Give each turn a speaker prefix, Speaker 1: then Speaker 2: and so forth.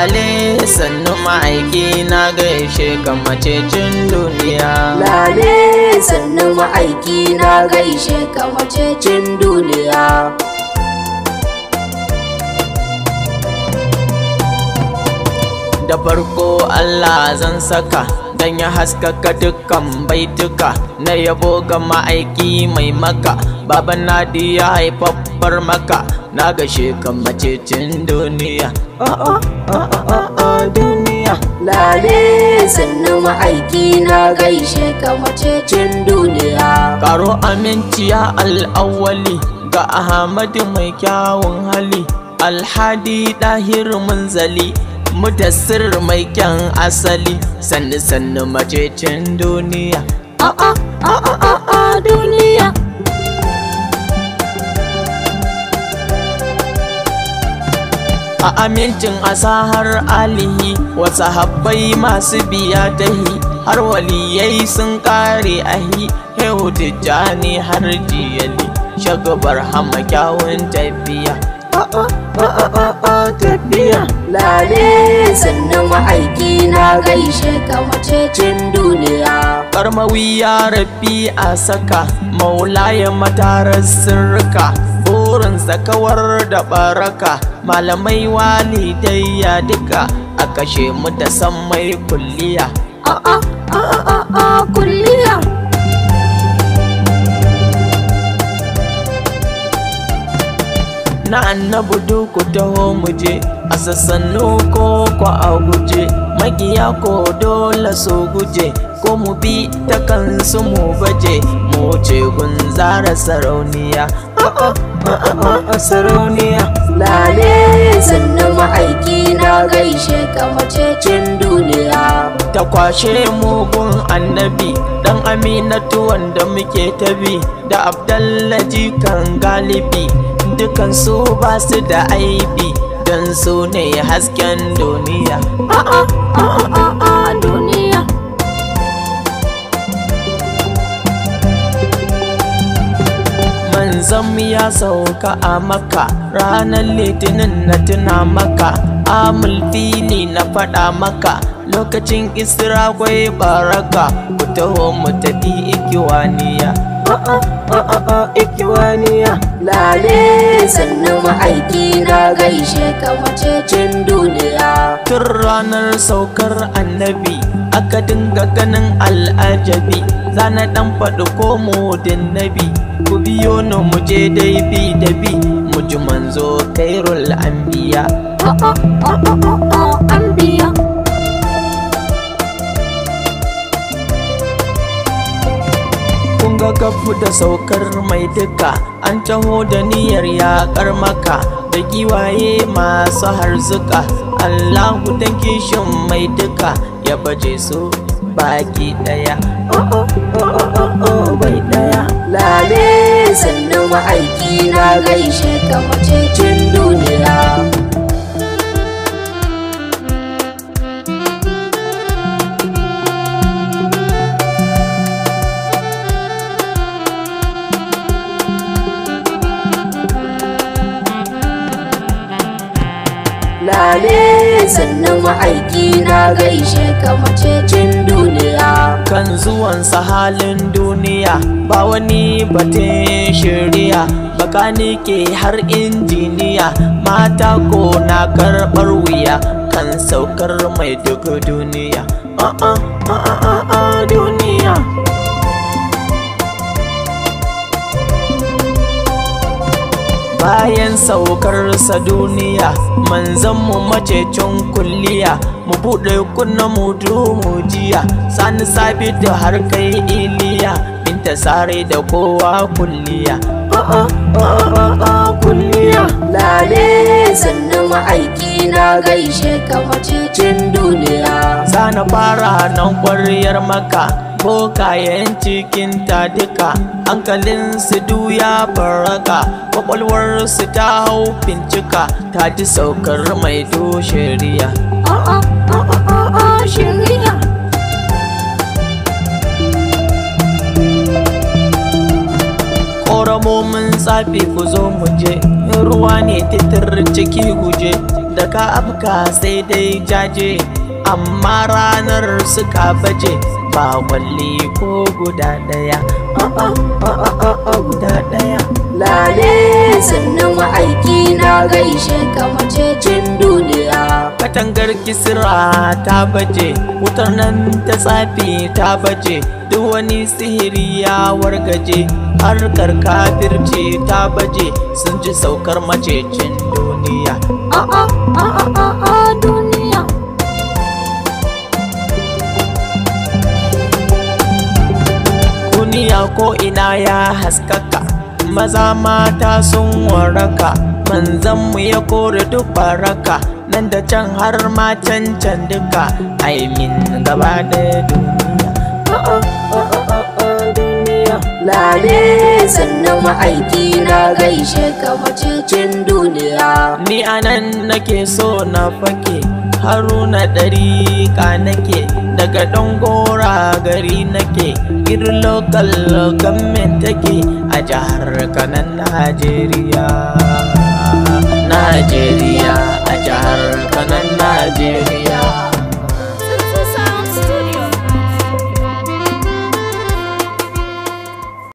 Speaker 1: lale sannu ma'aiki na gaishe ka macecin duniya
Speaker 2: lale sannu ma'aiki na gaishe ka macecin duniya
Speaker 1: da farko Allah zan saka don ya haskaka dukkan baituka na yabo ga ma'aiki mai maka baban nadi ya haifafar maka na gashe kan macecin duniya
Speaker 2: duniya lale sannu ma'aiki na gaishe kan macecin duniya
Speaker 1: karo aminciya al'awali ga ahmadu mai kyawun hali alhadi dahir munzali mutassir mai kyan asali sannu sannu macecin duniya a'a a'a amincin asahar alihi wa sahabbai masu biya tahi har waliyai sun kare ahi hehu tijjani har jiyali shagabar hama kyawun tafiya tafiya lale sannan aiki na gaishe ka macecin duniya karmawi ya rafi a saka maulaya matarar sirrika Sakawar da baraka malamai ya duka a kashe mu da san mai kulliya na annabu duku taho mu a sassanu ko kwa a guje magiya ko dole so guje ko mu bi ta kansu mu baje mu ce gun zara sarauniya sarauniya lale sannu
Speaker 2: ma'aiki na gaishe
Speaker 1: ka duniya ta kwashe mugun annabi dan aminatu wanda muke tabi da abdallaji kan galibi dukan su ba su da aibi don su ne hasken duniya sauka a maka ranar litinin na tuna maka amul fili na faɗa maka lokacin isra kwaye baraka ku taho mu tafi ikiwaniya ikiwaniya lale sannu ma'aiki na gaishe ka macecin duniya tun ranar saukar annabi aka dinga ganin al'ajabi zana dan faɗi ko din nabi ku biyo ni mu je dai bi da bi mu ji manzo kairul anbiya kafu da saukar mai duka an taho da niyyar yaƙar maka da giwaye masu harzuka Allahu dan kishin mai duka ya baje su baki daya oh oh oh, oh oh oh bai daya
Speaker 2: lale sannan aiki na gaishe ka mace duniya lale sannan ma'aiki na
Speaker 1: gaishe ka cin duniya kan zuwansa halin duniya ba wani batun shirya ke har injiniya mata ko na karɓar wuya kan saukar mai duk duniya uh -uh, uh bayan saukar sa duniya mace macecin kulliya mu buɗe kunna mu mu jiya sani sabi da har kai iliya binta sare da kowa kulliya kulliya lale sannan
Speaker 2: gaishe ka macecin duniya
Speaker 1: sana fara nan ƙwaryar maka bokayen cikin ta duka hankalin su duya faraka kwakwalwar su ta hau bincika ta ji saukar mai to shari'a Ƙoramomin tsafi ku zo mu je, ruwa ne titir ciki guje, da ka afka sai dai jaje, amma ranar suka baje. ba kwalli ko guda daya guda daya lale sannan ma'aiki na gaishe ka
Speaker 2: duniya
Speaker 1: katangar kisira ta baje wutar nan ta tsafi ta baje duk wani sihiri ya wargaje harkar kabirci ta baje sun ji saukar macecin duniya
Speaker 2: a'a a'a a'a
Speaker 1: duniya ko ina ya haskaka maza mata sun waraka manzanmu ya kore duk baraka nan da can har ma can can duka min gaba da uh-uh, uh-uh, uh-uh, duniya lale sannan
Speaker 2: ma'aiki na gaishe ka duniya
Speaker 1: ni anan nake so na fake haruna ɗari ka nake daga dangora gari nake ir local government take a jihar kanan najeriya najeriya a jihar kanan najeriya